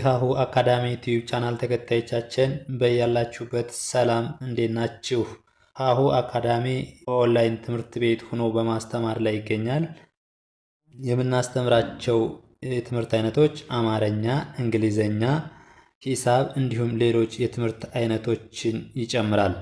ካሁ አካዳሚ ዩቲዩብ ቻናል ተከታዮቻችን በያላችሁበት ሰላም እንዴት ናችሁ? ካሁ አካዳሚ ኦንላይን ትምህርት ቤት ሆኖ በማስተማር ላይ ይገኛል። የምናስተምራቸው የትምህርት አይነቶች አማርኛ፣ እንግሊዘኛ፣ ሂሳብ እንዲሁም ሌሎች የትምህርት አይነቶችን ይጨምራል።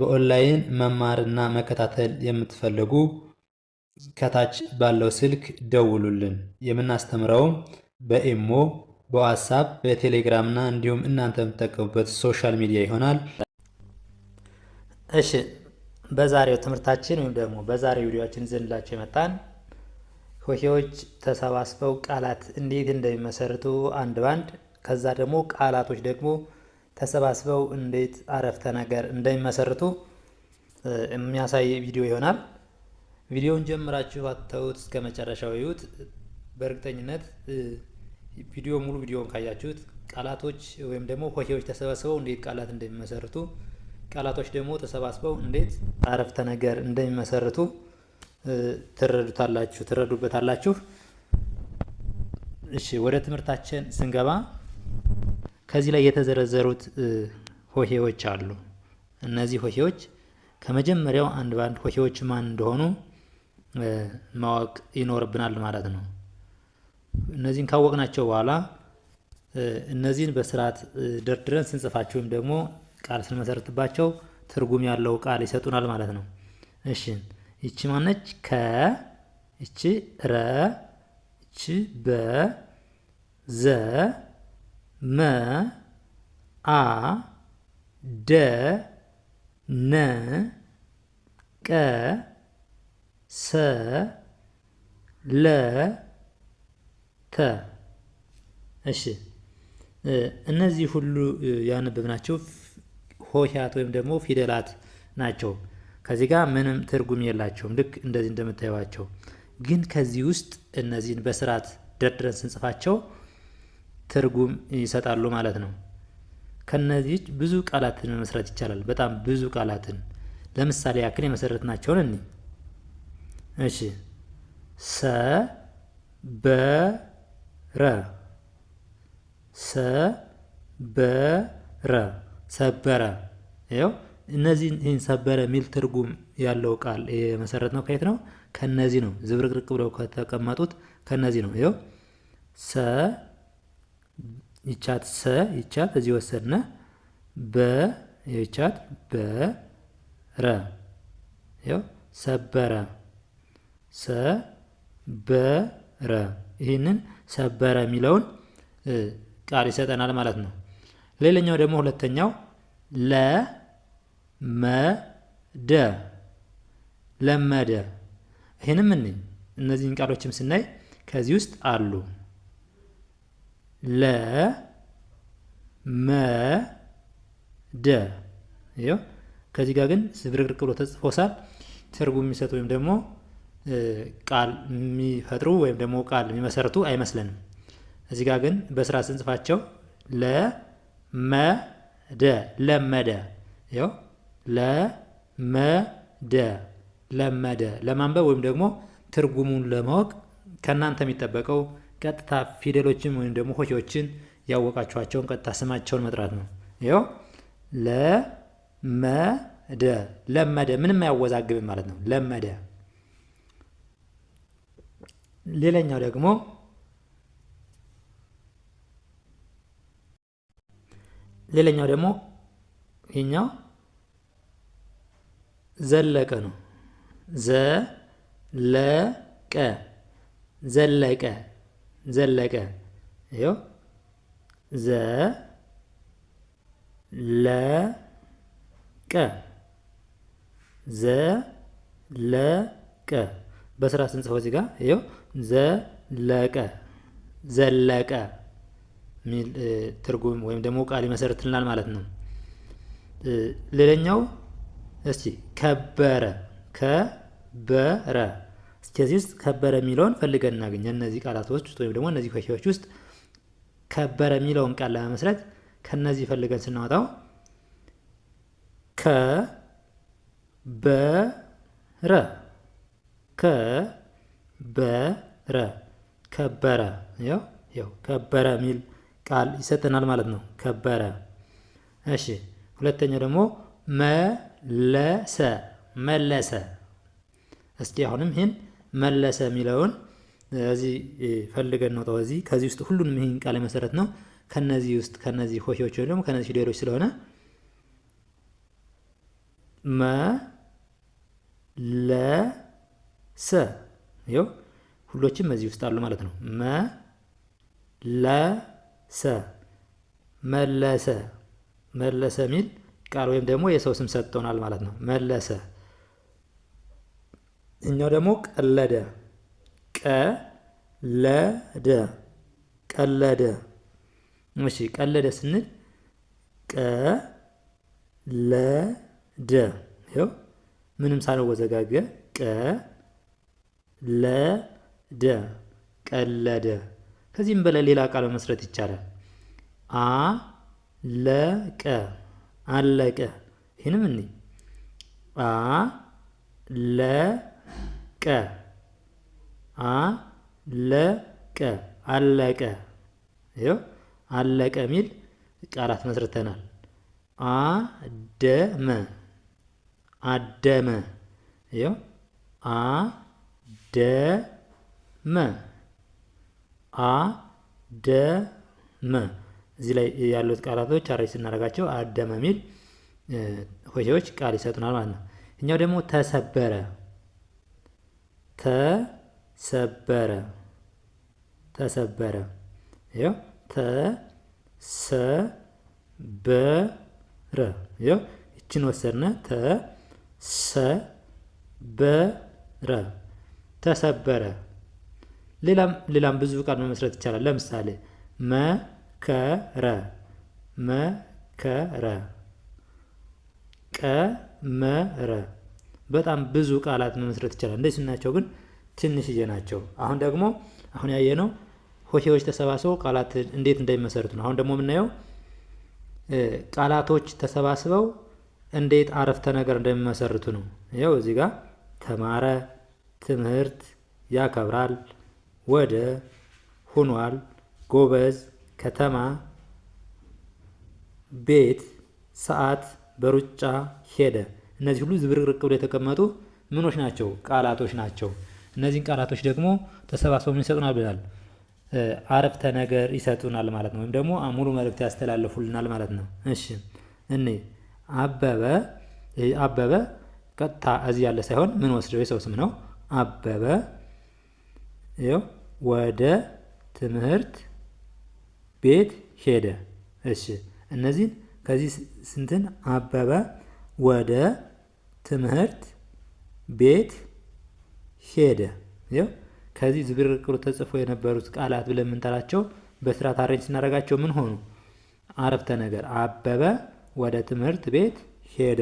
በኦንላይን መማርና መከታተል የምትፈልጉ ከታች ባለው ስልክ ደውሉልን። የምናስተምረውም በኢሞ በዋትሳፕ በቴሌግራም እና እንዲሁም እናንተ የምትጠቀሙበት ሶሻል ሚዲያ ይሆናል። እሺ በዛሬው ትምህርታችን ወይም ደግሞ በዛሬው ቪዲዮችን ይዘንላችሁ የመጣን ሆሄዎች ተሰባስበው ቃላት እንዴት እንደሚመሰርቱ አንድ ባንድ ከዛ ደግሞ ቃላቶች ደግሞ ተሰባስበው እንዴት አረፍተ ነገር እንደሚመሰርቱ የሚያሳይ ቪዲዮ ይሆናል። ቪዲዮውን ጀምራችሁ አተውት እስከ መጨረሻው ይዩት። በእርግጠኝነት ቪዲዮ ሙሉ ቪዲዮን ካያችሁት ቃላቶች ወይም ደግሞ ሆሄዎች ተሰባስበው እንዴት ቃላት እንደሚመሰርቱ ቃላቶች ደግሞ ተሰባስበው እንዴት አረፍተ ነገር እንደሚመሰርቱ ትረዱታላችሁ ትረዱበታላችሁ። እሺ ወደ ትምህርታችን ስንገባ ከዚህ ላይ የተዘረዘሩት ሆሄዎች አሉ። እነዚህ ሆሄዎች ከመጀመሪያው አንድ ባንድ ሆሄዎች ማን እንደሆኑ ማወቅ ይኖርብናል ማለት ነው። እነዚህን ካወቅናቸው በኋላ እነዚህን በስርዓት ደርድረን ስንጽፋቸው ወይም ደግሞ ቃል ስንመሰርትባቸው ትርጉም ያለው ቃል ይሰጡናል ማለት ነው። እሺ ይቺ ማነች? ከ ይቺ ረ ይቺ በ ዘ መ አ ደ ነ ቀ ሰ ለ ከ እሺ እነዚህ ሁሉ ያነበብናቸው ሆሄያት ወይም ደግሞ ፊደላት ናቸው። ከዚህ ጋር ምንም ትርጉም የላቸውም። ልክ እንደዚህ እንደምታዩዋቸው ግን ከዚህ ውስጥ እነዚህን በስርዓት ደርድረን ስንጽፋቸው ትርጉም ይሰጣሉ ማለት ነው። ከነዚህ ብዙ ቃላትን መመስረት ይቻላል። በጣም ብዙ ቃላትን ለምሳሌ ያክል የመሰረትናቸውን እኒ እሺ ሰ በ ረ ሰ በረ ሰበረ ይኸው እነዚህ ይህን ሰበረ የሚል ትርጉም ያለው ቃል የመሰረት ነው። ከየት ነው? ከነዚህ ነው። ዝብርቅርቅ ብለው ከተቀመጡት ከነዚህ ነው። ይኸው ሰ ይቻት ሰ ይቻት እዚህ ወሰድነ በ ይቻት በረ ይኸው ሰበረ ሰ በ ረ ይህንን ሰበረ የሚለውን ቃል ይሰጠናል ማለት ነው። ሌላኛው ደግሞ ሁለተኛው ለመደ ለመደ። ይህንም እንኝ እነዚህን ቃሎችም ስናይ ከዚህ ውስጥ አሉ። ለመደ ይኸው ከዚህ ጋር ግን ስብርቅርቅ ብሎ ተጽፎሳል። ትርጉም የሚሰጥ ወይም ደግሞ ቃል የሚፈጥሩ ወይም ደግሞ ቃል የሚመሰርቱ አይመስለንም። እዚህ ጋር ግን በስራ ስንጽፋቸው ለመደ ለመደ ው ለመደ ለመደ ለማንበብ ወይም ደግሞ ትርጉሙን ለማወቅ ከእናንተ የሚጠበቀው ቀጥታ ፊደሎችን ወይም ደግሞ ሆሄዎችን ያወቃችኋቸውን ቀጥታ ስማቸውን መጥራት ነው። ይኸው ለመደ ለመደ ምንም አያወዛግብም ማለት ነው። ለመደ ሌላኛው ደግሞ ሌላኛው ደግሞ ይህኛው ዘለቀ ነው። ዘለቀ ዘለቀ ዘለቀ ይኸው ዘ ለቀ ዘ ለቀ በስራ ስንጽፈው እዚህ ጋር ይኸው ዘለቀ ዘለቀ የሚል ትርጉም ወይም ደግሞ ቃል ይመሰርትልናል ማለት ነው። ሌላኛው እስቲ ከበረ ከበረ እስከዚህ ውስጥ ከበረ የሚለውን ፈልገን እናገኝ። እነዚህ ቃላቶች ውስጥ ወይም ደግሞ እነዚህ ኳኪዎች ውስጥ ከበረ የሚለውን ቃል ለመመስረት ከነዚህ ፈልገን ስናወጣው ከበረ ከ በረ ከበረ ያው ያው ከበረ የሚል ቃል ይሰጠናል ማለት ነው። ከበረ። እሺ ሁለተኛው ደግሞ መለሰ መለሰ። እስኪ አሁንም ይህን መለሰ የሚለውን እዚህ ፈልገን ነው እዚህ ከዚህ ውስጥ ሁሉንም ይህን ቃል መሰረት ነው ከነዚህ ውስጥ ከነዚህ ሆሄዎች ወይም ደግሞ ከነዚህ ፊደሎች ስለሆነ መለሰ ይኸው ሁሎችም እዚህ ውስጥ አሉ ማለት ነው። መለሰ መለሰ መለሰ የሚል ቃል ወይም ደግሞ የሰው ስም ሰጥቶናል ማለት ነው። መለሰ። እኛው ደግሞ ቀለደ ቀለደ ቀለደ። እሺ ቀለደ ስንል ቀለደ ይኸው ምንም ሳንወዘጋገ ቀ ለደ ቀለደ። ከዚህም በላይ ሌላ ቃል መመስረት ይቻላል። አለቀ አለቀ። ይህንም እኔ አለቀ አለቀ አለቀ ይኸው አለቀ የሚል ቃላት መስርተናል። አደመ አደመ ይኸው ደመ አደመ እዚህ ላይ ያሉት ቃላቶች አረጅ ስናደርጋቸው አደመ የሚል ሆሄዎች ቃል ይሰጡናል ማለት ነው። እኛው ደግሞ ተሰበረ ተሰበረ ተሰበረ ይኸው ተሰበረ ይኸው ይችን ወሰድነ ተሰበረ ተሰበረ። ሌላም ብዙ ቃል መመስረት ይቻላል። ለምሳሌ መከረ፣ መከረ፣ ቀመረ። በጣም ብዙ ቃላት መመስረት ይቻላል። እንደዚህ ስናቸው ግን ትንሽዬ ናቸው። አሁን ደግሞ አሁን ያየነው ሆሄዎች ተሰባስበው ቃላት እንዴት እንደሚመሰርቱ ነው። አሁን ደግሞ የምናየው ቃላቶች ተሰባስበው እንዴት አረፍተ ነገር እንደሚመሰርቱ ነው። ያው እዚህ ጋር ተማረ ትምህርት ያከብራል፣ ወደ ሆኗል፣ ጎበዝ፣ ከተማ፣ ቤት፣ ሰዓት፣ በሩጫ ሄደ። እነዚህ ሁሉ ዝብርቅርቅ ብሎ የተቀመጡ ምኖች ናቸው? ቃላቶች ናቸው። እነዚህን ቃላቶች ደግሞ ተሰባስበው ምን ይሰጡናል ብላል? አረፍተ ነገር ይሰጡናል ማለት ነው። ወይም ደግሞ ሙሉ መልእክት ያስተላልፉልናል ማለት ነው። እሺ እኔ አበበ አበበ ቀጥታ እዚህ ያለ ሳይሆን ምን ወስደው የሰው ስም ነው አበበ ይኸው ወደ ትምህርት ቤት ሄደ። እሺ እነዚህን ከዚህ ስንትን አበበ ወደ ትምህርት ቤት ሄደ። ይኸው ከዚህ ዝብርቅሩ ተጽፎ የነበሩት ቃላት ብለን የምንጠራቸው በስርዓት አሬንጅ ስናደርጋቸው ምን ሆኑ? አረፍተ ነገር አበበ ወደ ትምህርት ቤት ሄደ።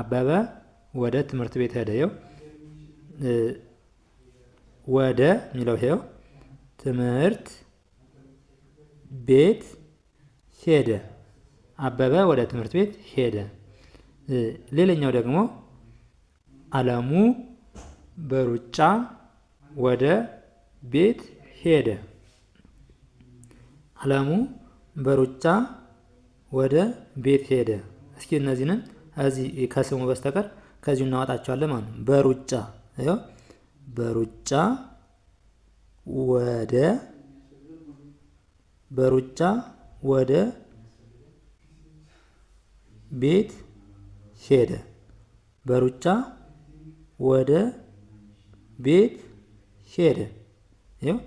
አበበ ወደ ትምህርት ቤት ሄደ። ይኸው ወደ የሚለው ሄው ትምህርት ቤት ሄደ። አበበ ወደ ትምህርት ቤት ሄደ። ሌላኛው ደግሞ አለሙ በሩጫ ወደ ቤት ሄደ። አለሙ በሩጫ ወደ ቤት ሄደ። እስኪ እነዚህንም እዚህ ከስሙ በስተቀር ከዚሁ እናወጣቸዋለን ማለት ነው። በሩጫ በሩጫ ወደ በሩጫ ወደ ቤት ሄደ። በሩጫ ወደ ቤት ሄደ። ይኸው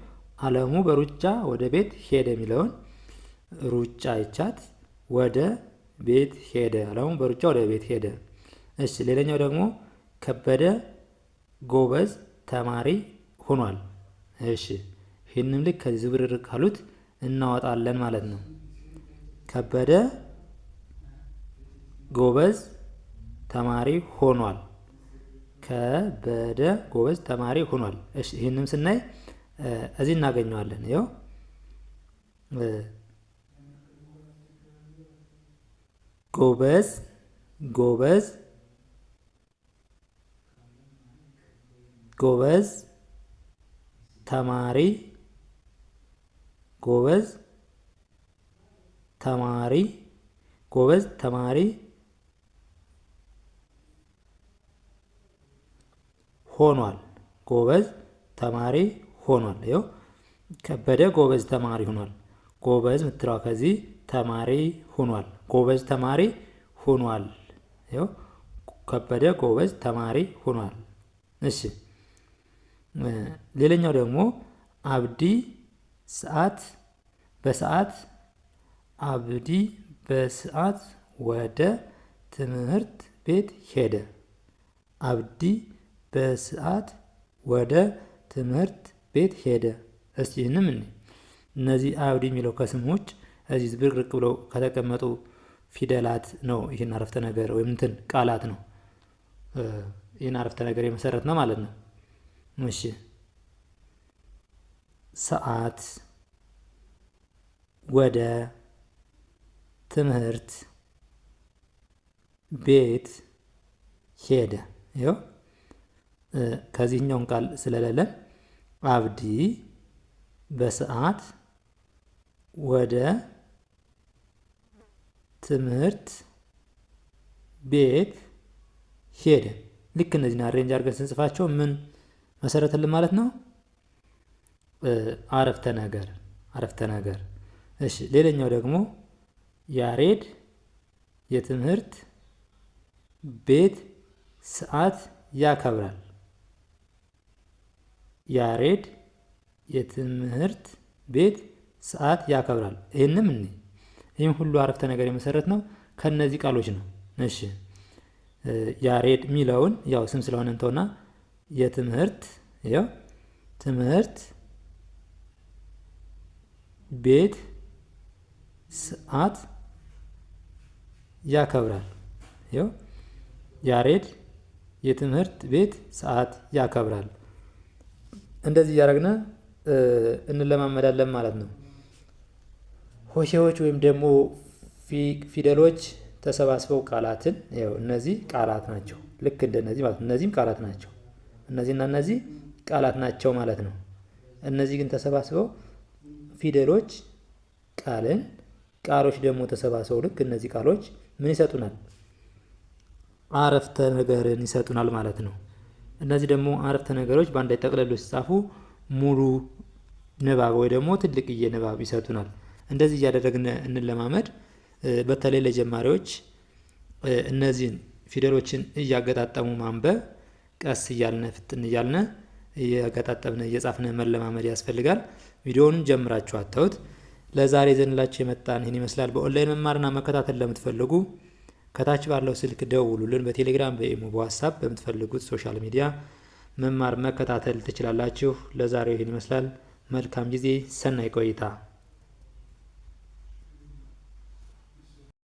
አለሙ በሩጫ ወደ ቤት ሄደ የሚለውን ሩጫ ይቻት ወደ ቤት ሄደ። አለሙ በሩጫ ወደ ቤት ሄደ። እሺ ሌላኛው ደግሞ ከበደ ጎበዝ ተማሪ ሆኗል። እሺ ይህንም ልክ ከዚህ ብርር ካሉት እናወጣለን ማለት ነው። ከበደ ጎበዝ ተማሪ ሆኗል። ከበደ ጎበዝ ተማሪ ሆኗል። እሺ ይህንም ስናይ እዚህ እናገኘዋለን። ይኸው ጎበዝ ጎበዝ ጎበዝ ተማሪ ጎበዝ ተማሪ ጎበዝ ተማሪ ሆኗል ጎበዝ ተማሪ ሆኗል። ይኸው ከበደ ጎበዝ ተማሪ ሆኗል። ጎበዝ ምትለዋ ከዚህ ተማሪ ሆኗል። ጎበዝ ተማሪ ሆኗል። ይኸው ከበደ ጎበዝ ተማሪ ሆኗል። እሺ ሌላኛው ደግሞ አብዲ ሰዓት በሰዓት አብዲ በሰዓት ወደ ትምህርት ቤት ሄደ። አብዲ በሰዓት ወደ ትምህርት ቤት ሄደ። እስቲ ይህንም እኔ እነዚህ አብዲ የሚለው ከስሞች እዚህ ዝብርቅርቅ ብለው ከተቀመጡ ፊደላት ነው። ይህን አረፍተ ነገር ወይም እንትን ቃላት ነው። ይህን አረፍተ ነገር የመሰረት ነው ማለት ነው። እሺ ሰዓት ወደ ትምህርት ቤት ሄደ። ይኸው ከዚህኛውን ቃል ስለሌለን አብዲ በሰዓት ወደ ትምህርት ቤት ሄደ። ልክ እነዚህን አሬንጅ አድርገን ስንጽፋቸው ምን መሰረትልን ማለት ነው። አረፍተ ነገር አረፍተ ነገር። እሺ ሌላኛው ደግሞ ያሬድ የትምህርት ቤት ሰዓት ያከብራል። ያሬድ የትምህርት ቤት ሰዓት ያከብራል። ይህንም እኔ ይህም ሁሉ አረፍተ ነገር የመሰረት ነው ከነዚህ ቃሎች ነው። እሺ ያሬድ የሚለውን ያው ስም ስለሆነ እንተውና የትምህርት ያው ትምህርት ቤት ሰዓት ያከብራል። ያው ያሬድ የትምህርት ቤት ሰዓት ያከብራል። እንደዚህ እያደረግን እንለማመዳለን ማለት ነው። ሆሄዎች ወይም ደግሞ ፊደሎች ተሰባስበው ቃላትን ያው እነዚህ ቃላት ናቸው። ልክ እንደነዚህ ማለት እነዚህም ቃላት ናቸው። እነዚህና እነዚህ ቃላት ናቸው ማለት ነው። እነዚህ ግን ተሰባስበው ፊደሎች ቃልን፣ ቃሎች ደግሞ ተሰባስበው ልክ እነዚህ ቃሎች ምን ይሰጡናል? አረፍተ ነገርን ይሰጡናል ማለት ነው። እነዚህ ደግሞ አረፍተ ነገሮች በአንድ ላይ ጠቅለሉ ሲጻፉ ሙሉ ንባብ ወይ ደግሞ ትልቅዬ ንባብ ይሰጡናል። እንደዚህ እያደረግን እንለማመድ። በተለይ ለጀማሪዎች እነዚህን ፊደሎችን እያገጣጠሙ ማንበብ ቀስ እያልነ ፍጥን እያልነ እየገጣጠምነ እየጻፍነ መለማመድ ያስፈልጋል። ቪዲዮውን ጀምራችሁ አታዩት። ለዛሬ ዘንላችሁ የመጣን ይህን ይመስላል። በኦንላይን መማርና መከታተል ለምትፈልጉ ከታች ባለው ስልክ ደውሉልን። በቴሌግራም፣ በኢሞ፣ በዋትሳፕ በምትፈልጉት ሶሻል ሚዲያ መማር መከታተል ትችላላችሁ። ለዛሬው ይህን ይመስላል። መልካም ጊዜ፣ ሰናይ ቆይታ